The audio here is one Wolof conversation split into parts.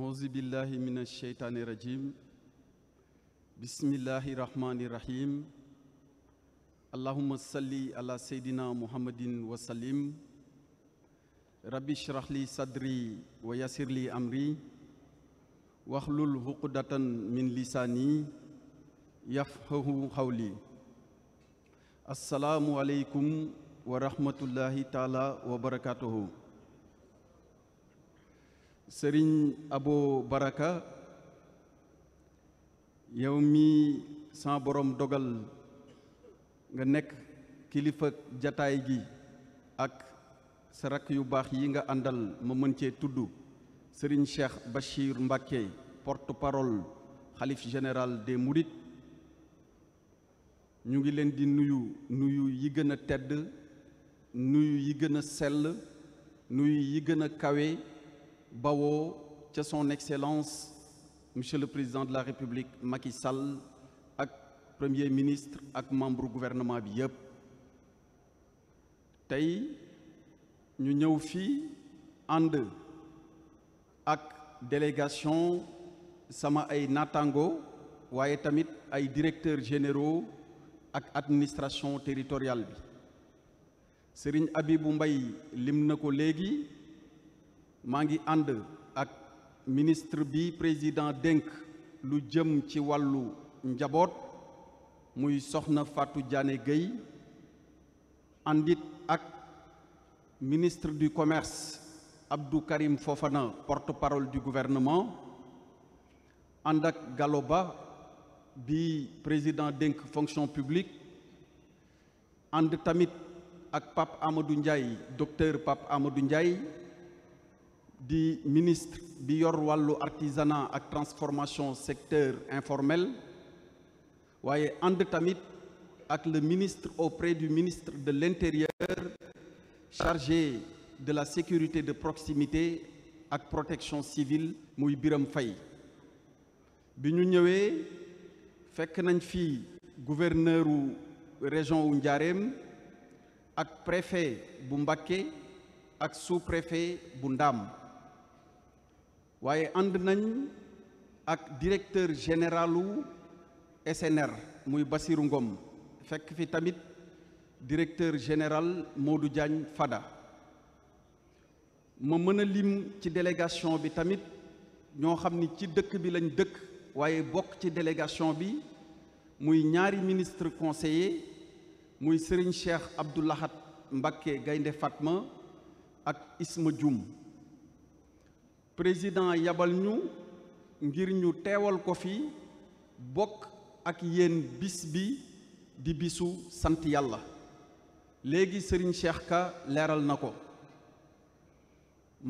auzu billahi min alsheytaani rajim bismillahi rahmaani rahim allahuma salli ala seydina muhammadin wa sallim rabbi shrah li sadri wa yassir li amri waxlul huqdatan min lisaani yafqahu xawli asalaamualeykum wa rahmatullahi taala wa barakatuhu sëriñ Abo Baraka yow mii sa boroom dogal nga nekk kilifa jataay gi ak sa rakk yu baax yi nga àndal ma mën cee tudd sëriñ Cheikh Bachir Mbacké porte-parole xalif général de murit ñu ngi leen di nuyu nuyu yi gën a tedd nuyu yi gën a sell nuyu yi gën a kawe bawoo ca son excellence monsieur le président de la république Macky Sall ak premier ministre ak membre gouvernement bi yépp tey ñu ñëw fii ànd ak délégation sama ay naataango waaye tamit ay directeurs généraux ak administration territoriale bi Serigne Abibou Mbaye lim na ko léegi maa ngi ànd ak ministre bi président dénk lu jëm ci wàllu njaboot muy soxna Fatou Diané Gueye àndit ak ministre du commerce Abdou Karim Fofana porte-parole du gouvernement ànd ak Gallo bi président dénk fonction publique ànd tamit ak Pape Amadou Ndiaye docteur Pape Amadou Ndiaye di ministre bi yor wàllu artisanat ak transformation secteur informel waaye ànd tamit ak le ministre au auprès du ministre de l'intérieur chargé de la sécurité de proximité ak protection civile muy biram Faye bi ñu ñëwee fekk nañ fi gouverneur u région wu Njaareem ak préfet bu Mbacké ak sous-préfet bu Ndaam waaye ànd nañ ak directeur généralu SNR muy Bassirou Ngom fekk fi tamit directeur général du Diagne Fada ma mën a lim ci délégation bi tamit ñoo xam ni ci dëkk bi lañ dëkk waaye bokk ci délégation bi muy ñaari ministre conseiller muy Serigne Cheikh Abdou Lahad Mbacké Gaynde Fatma ak Isma Dioum président yabal ñu ngir ñu teewal ko fi bokk ak yéen bis bi di bisu sant yàlla léegi sëriñ Cheikh Ka leeral na ko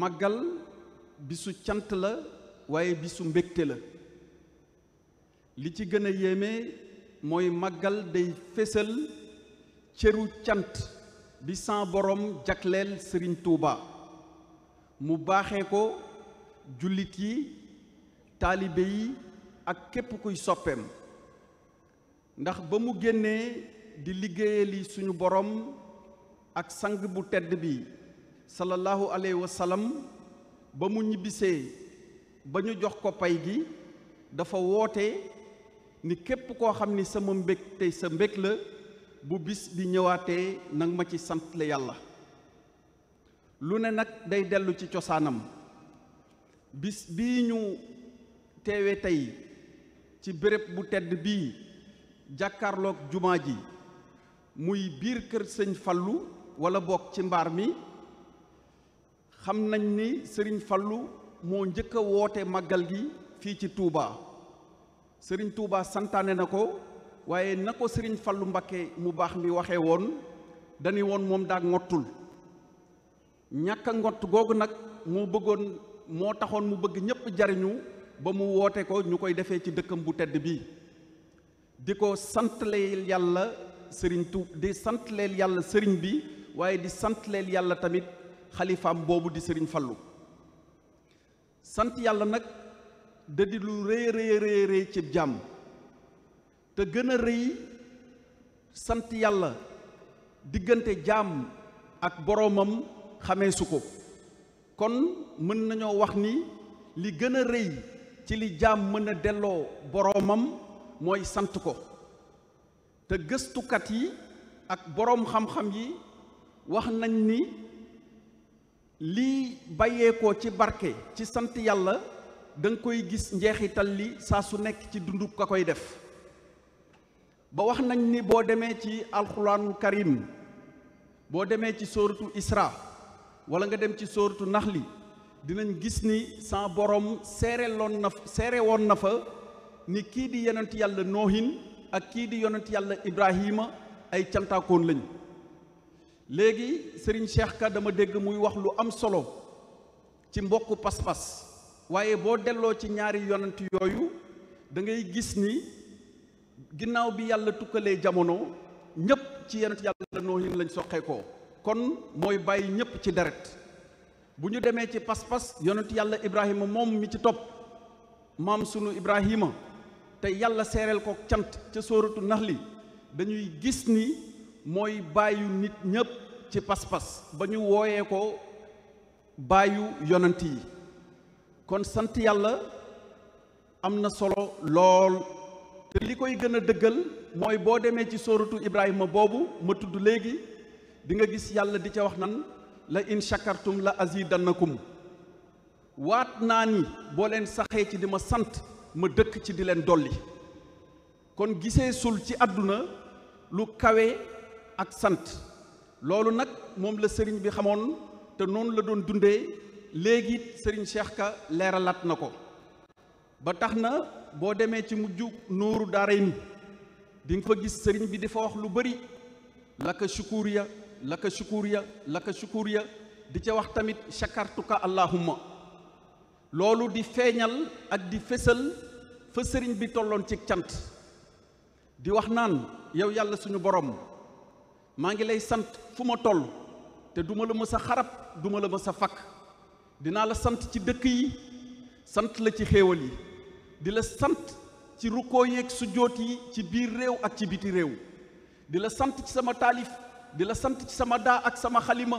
màggal bisu cant la waaye bisu mbégte la li ci gën a yéeme mooy màggal day fésal cëru cant bi san boroom jagleel sëriñ Touba mu baaxee ko jullit yi taalibe yi ak képp kuy soppeem ndax ba mu génnee di liggéeyali suñu boroom ak sang bu tedd bi sallallahu alayhi wa sallam ba mu ñibbisee ba ñu jox ko pay gi dafa woote ni képp koo xam ni sama mbég tey sa mbég la bu bis di ñëwaatee nag ma ci sant la yàlla lu ne nag day dellu ci cosaanam bis bii ñu teewee tey ci béréb bu tedd bii jàkkaarloog jumaa ji muy biir kër sëñ Fallu wala bokk ci mbaar mi xam nañ ni sëriñ Fallu moo njëkk a woote màggal gi fii ci Touba sëriñ tuubaa santaane na ko waaye na ko sëriñ Fallu Mbakke mu baax mi waxee woon dañu woon moom daa ngottul ñàkk ngott googu nag moo bëggoon moo taxoon mu bëgg ñépp jariñu ba mu woote ko ñu koy defee ci dëkkam bu tedd bi di ko santleel yàlla sëriñ tu di santleel yàlla sëriñ bi waaye di santleel yàlla tamit xalifaam boobu di sëriñ fallu sant yàlla nag da lu rëy rëy rëy ci jàmm te gën a rëy sant yàlla diggante jaam ak boroomam xameesu ko kon mën nañoo wax ni li gën a rëy ci li jaam mën a delloo boroomam mooy sant ko te gëstukat yi ak boroom xam-xam yi wax nañ ni lii bàyyeekoo ci barke ci sant yàlla da koy gis njeexital li saa su nekk ci dundu ka koy def ba wax nañ ni boo demee ci alxuraanul karim boo demee ci sóoratu isra wala nga dem ci sóoratu nax li dinañ gis ni sa borom seere na woon na fa ni kii di yonent yàlla noohin ak kii di yonent yàlla ibrahima ay cantaakoon lañ léegi sëriñ Cheikh Ka dama dégg muy wax lu am solo ci mbokku pas-pas waaye boo delloo ci ñaari yonent yooyu da ngay gis ni ginnaaw bi yàlla tukkalee jamono ñépp ci yonent yàlla noohin lañ soqeekoo kon mooy bàyyi ñépp ci deret bu ñu demee ci pas-pas yonent yàlla ibrahima moom mi ci topp maam sunu ibrahima te yàlla seereel ko cant ca sóoratu li dañuy gis ni mooy bàyyu nit ñépp ci pas-pas ba ñu wooyee ko bàyyu yonent yi kon sant yàlla am na solo lool te li koy gën a dëggal mooy boo demee ci sóoratu ibraahima boobu ma tudd léegi di nga gis yàlla di ca wax nan la in shakartum la azidannakum waat naa ni boo leen saxee ci di ma sant ma dëkk ci di leen dolli kon gisee sul ci àdduna lu kawe ak sant loolu nag moom la sëriñ bi xamoon te noonu la doon dundee léegi sëriñ Cheikh Ka leeralaat na ko ba tax na boo demee ci mujj nooru daaray ni di nga fa gis sëriñ bi di fa wax lu bari laka shukuriya ya shukuriya laka ya di ca wax tamit shakartuka allahumma loolu di feeñal ak di fësal fa sëriñ bi tolloon ci cant di wax naan yow yàlla suñu boroom maa ngi lay sant fu ma toll te duma la mës a xarab duma la mës a fakk dinaa la sant ci dëkk yi sant la ci xéewal yi di la sant ci rukkoo yeeg sujjóot yi ci biir réew ak ci biti réew di la sant ci sama taalif di la sant ci sama daa ak sama xalima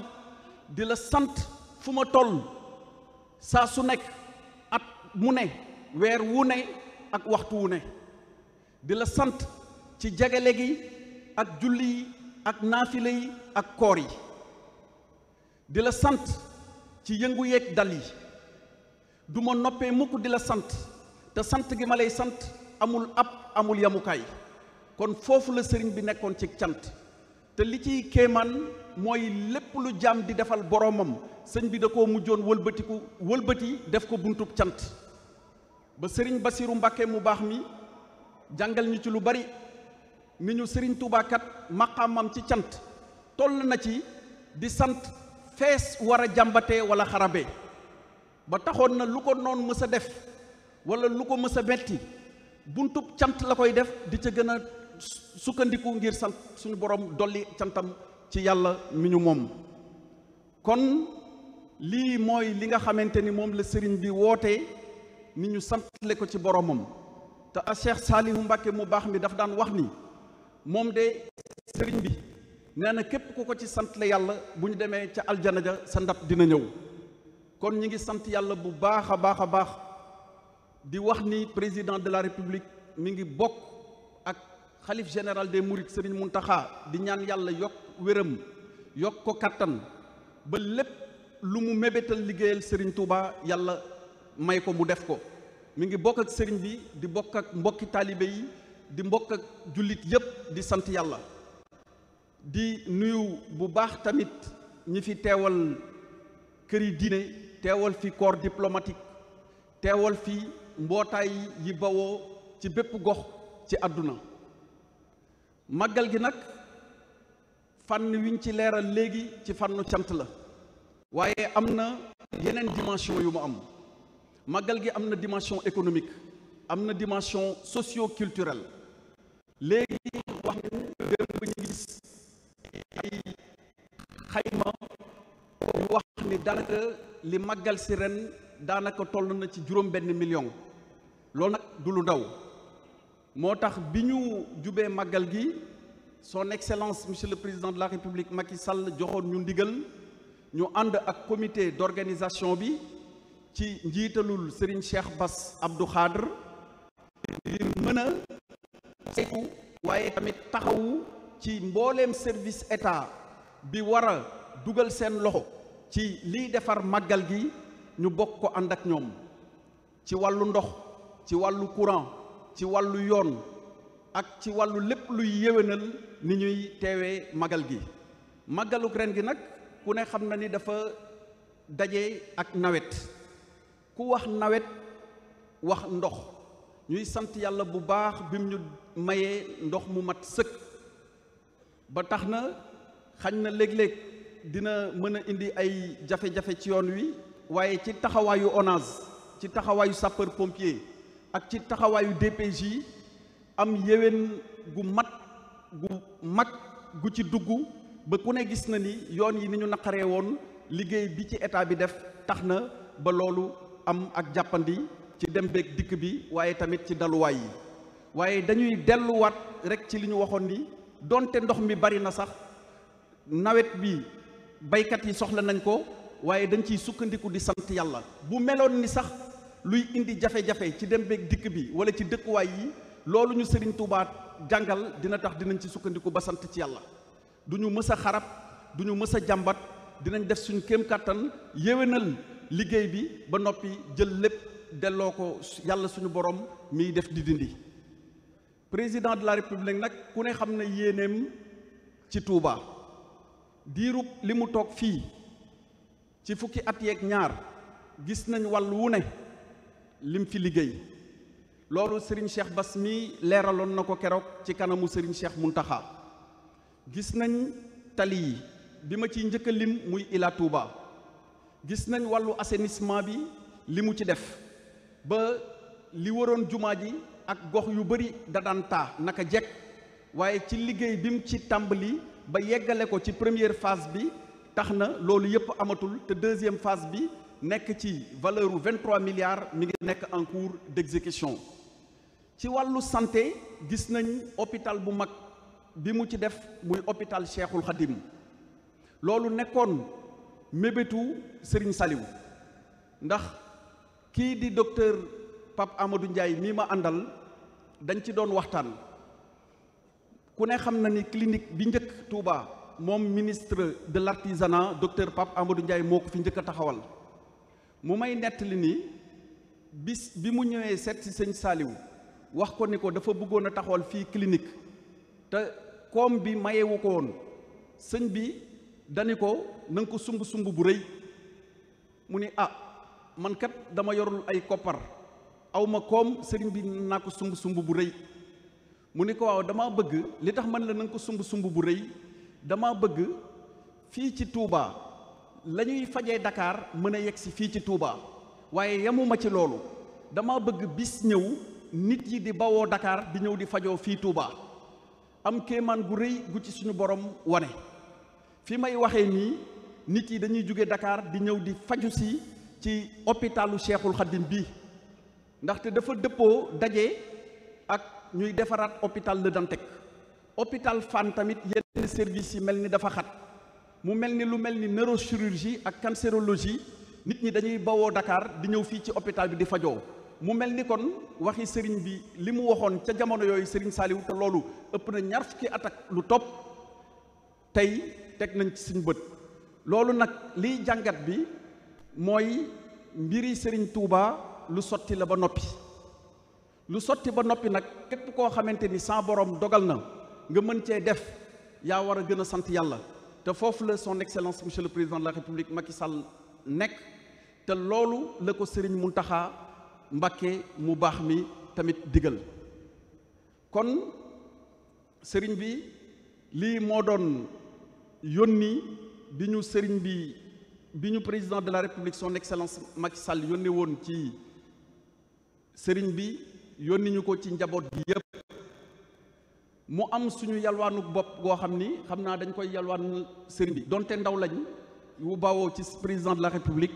di la sant fu ma toll saa su nekk at mu ne weer wu ne ak waxtu wu ne di la sant ci jagale gi ak julli yi ak naafila yi ak koor yi di la sant ci yëngu yeeg dal yi du ma noppee mukk di la sant te sant gi ma lay sant amul ab amul yamukaay kon foofu la sëriñ bi nekkoon ci cant te li ciy kéemaan mooy lépp lu jaam di defal boroomam sëñ bi da ko mujjoon wëlbatiku wëlbati def ko buntub cant ba sëriñ Basiru Mbàkke mu baax mi jàngal ñu ci lu bari ni ñu sëriñ Tuubaa kat ci cant toll na ci di sant fees war a jàmbatee wala xarabe ba taxoon na lu ko noon mës a def walla lu ko mës a metti buntub cant la koy def di ca gën a sukkandiku ngir sant suñu borom dolli cantam ci yàlla mi ñu moom kon lii mooy li nga xamante ni moom la sëriñ bi woote ni ñu santale ko ci boroomam te a Cheikh Saalihu Mbàkke mu baax mi dafa daan wax ni moom de sëriñ bi nee na képp ku ko ci santale yàlla bu ñu demee ca aljana ja sa ndab dina ñëw kon ñu ngi sant yàlla bu baax a baax a baax di wax ni président de la république mi ngi bokk ak xalif général des mourides sëriñ taxa di ñaan yàlla yokk wéram yokk ko kattan ba lépp lu mu mébétal liggéeyal sëriñ Touba yàlla may ko mu def ko mu ngi bokk ak sëriñ bi di bokk ak mbokki taalibe yi di mbokk ak jullit yépp di sant yàlla di nuyu bu baax tamit ñi fi teewal këri dine teewal fi corps diplomatique teewal fi mbootaay yi bawoo ci bépp gox ci àdduna màggal gi nag fan wiñ ci leeral léegi ci fànnu cant la waaye am na yeneen dimension yu mu am màggal gi am na dimension économique am na dimension socio-culturelle léegi wax nañ démb ñu gis ay xayma wax ni daanaka li màggal si ren daanaka toll na ci juróom benn million loolu nag du lu ndaw moo tax bi ñu jubee màggal gi son excellence monsieur le président de la république Macky Sall joxoon ñu ndigal ñu ànd ak comité d'organisation bi ci njiitalul Serigne Cheikh Bass Abdou Khadr ngir mën a waaye tamit taxawu ci mbooleem service état bi war a dugal seen loxo ci liy defar màggal gi ñu bokk ko ànd ak ñoom ci wàllu ndox ci wàllu courant ci wàllu yoon ak ci wàllu lépp luy yéwénal ni ñuy teewee magal gi magaluk ren gi nag ku ne xam na ni dafa daje ak nawet ku wax nawet wax ndox ñuy sant yàlla bu baax bim ñu mayee ndox mu mat sëkk ba tax na xañ na léeg-léeg dina mën a indi ay jafe-jafe ci yoon wi waaye ci taxawaayu ONAS ci taxawaayu sapeur pompier ak ci taxawaayu DPJ am yéwén gu mat gu mag gu ci dugg ba ku ne gis na ni yoon yi ni ñu naqaree woon liggéey bi ci état bi def tax na ba loolu am ak jàppandi ci dem beeg dikk bi waaye tamit ci daluwaay yi waaye dañuy delluwaat rek ci li ñu waxoon ni donte ndox mi bari na sax nawet bi baykat yi soxla nañ ko waaye dañ ciy sukkandiku di sant yàlla bu meloon ni sax luy indi jafe-jafe ci dem beeg dikk bi wala ci dëkkuwaay yi loolu ñu Serigne Touba jàngal dina tax dinañ ci sukkandiku ba sant ci yàlla du ñu mës a xarab du ñu mës a jàmbat dinañ def suñu kéem kattan yéwénal liggéey bi ba noppi jël lépp delloo ko yàlla suñu borom miy def di dindi président de la république nag ku ne xam ne yéeneem ci Touba diirub li mu toog fii ci fukki at yeeg ñaar gis nañu wàll wu ne. lim fi liggéey loolu Serigne Cheikh Bass mi leeraloon na ko keroog ci kanamu Serigne Cheikh Muntaxa gis nañ tali yi bi ma ci njëkk lim muy Ila Touba gis nañ wàllu assainissement bi li mu ci def ba li waroon jumaa ji ak gox yu bëri da daan naka jekk waaye ci liggéey bi mu ci tàmbali ba yeggale ko ci première phase bi tax na loolu yëpp amatul te deuxième phase bi nekk ci valeur u 23 milliards mi ngi nekk en cours d'exécution ci wàllu santé gis nañ hôpital bu mag bi mu ci def muy hôpital Cheikhul Khadim loolu nekkoon mébétu Serigne Saliou ndax kii di dokteur Pape Amadou njaay mii ma àndal dañ ci doon waxtaan ku ne xam na ni clinique bi njëkk Touba moom ministre de l'artisanat docteur Pape Amadou njaay moo ko fi njëkk taxawal mu may nettali nii bis bi mu ñëwee seet si sëñ Saliou wax ko ni ko dafa bëggoon a taxawal fii kilinik te koom bi mayewu ko woon sëñ bi dani ko na ko sumb sumb bu rëy mu ni a ah, man kat dama yorul ay koppar aw koom sëriñ bi naa ko sumb sumb bu rëy mu ni ko waaw damaa bëgg li tax man la na ko sumb sumb bu rëy damaa bëgg fii ci tuubaa lañuy ñuy fajee Dakar mën a yegg si fii ci Touba waaye yamuma ci loolu dama bëgg bis ñëw nit yi di bawoo dakaar di ñëw di fajoo fii Touba am kéemaan gu rëy gu ci suñu borom wane fi may waxe nii nit yi dañuy jóge Dakar di ñëw di faju si ci hôpitalu Cheikhul Khadim bi ndaxte dafa dëppoo daje ak ñuy defaraat hôpital Le Dantec hôpital Fann tamit yenn service yi mel ni dafa xat mu mel ni lu mel ni neurochirurgie ak cancérologie nit ñi dañuy bawoo dakaar di ñëw fii ci hôpital bi di fajoo mu mel ni kon waxi sëriñ bi li mu waxoon ca jamono yooyu sëriñ Saliou te loolu ëpp na ñaar fukki at ak lu topp tey teg nañ ci suñ bët loolu nag liy jàngat bi mooy mbiri sëriñ tuubaa lu sotti la ba noppi lu sotti ba noppi nag képp koo xamante ni sa borom dogal na nga mën cee def yaa war a gën a sant yàlla te foofu la son excellence monsieur le président de la république Macky nekk te loolu la ko sëriñ Muntaxa Mbakke mu baax mi tamit digal kon sëriñ bi lii moo doon yónni bi ñu sëriñ bi bi ñu président de la république son excellence Macky Sall yónni woon ci sëriñ bi yónni ñu ko ci njaboot gi yépp mu am suñu yalwaanu bopp goo xam ni xam naa dañ koy yalwaan sëriñ bi donte ndaw lañ wu bawoo ci président de la république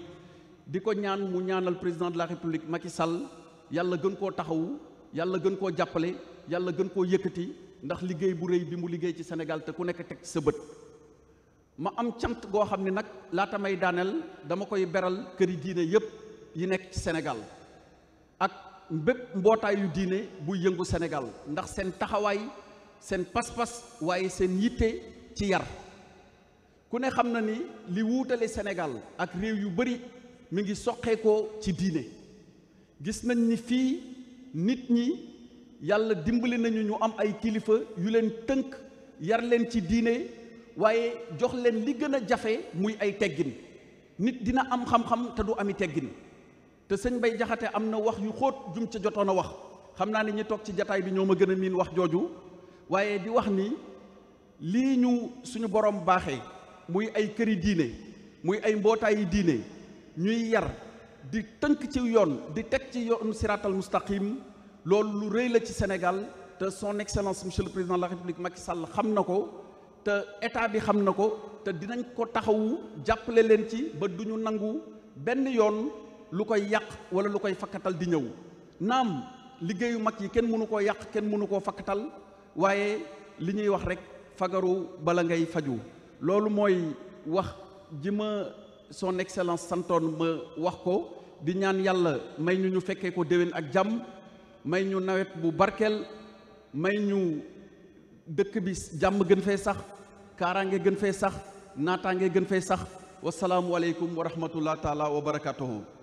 di ko ñaan mu ñaanal président de la république ki Sall yàlla gën koo taxawu yàlla gën koo jàppale yàlla gën koo yëkkati ndax liggéey bu réy bi mu liggéey ci Sénégal te ku nekk teg ci sa bët ma am cant goo xam ne nag laata may daaneel dama koy beral këri diine yépp yi nekk ci senegal ak bépp mbootaayu diine buy yëngu Sénégal seen pas-pas waaye seen yitte ci yar ku ne xam na ni li wuutale Sénégal ak réew yu bari mu ngi soqeekoo ci diine gis nañ ni fii nit ñi yàlla dimbali nañu ñu am ay kilifa yu leen tënk yar leen ci diine waaye jox leen li gën a jafe muy ay teggin nit dina am xam-xam te du ami teggin te sëñ Bay Jaxate am na wax yu xóot jum ca jotoon a wax xam naa ne ñu toog ci jataay bi ñoo ma gën a miin wax jooju waaye bi wax ni lii ñu suñu borom baaxee muy ay këri diine muy ay mbootaay mbootaayi diine ñuy yar di tënk ci yoon di teg ci yoon siraatal mustaqim loolu lu rëy la ci Sénégal te son excellence monsieur le président la république Macky Sall xam na ko te état bi xam na ko te dinañ ko taxawu jàppale leen ci ba duñu nangu benn yoon lu koy yàq wala lu koy fakkatal di ñëw naam liggéeyu mag yi kenn mënu koo yàq kenn mënu koo fakkatal waaye li ñuy wax rek fagaru bala ngay faju loolu mooy wax jima ma son excellence santoon ma wax ko di ñaan yàlla may ñu ñu fekkee ko déwén ak jàmm may ñu nawet bu barkeel may ñu dëkk bi jàmm gën fee sax kaaraange gën fee sax naataange gën fee sax wasalaamualeykum wa rahmatullah taala wa barakatuhu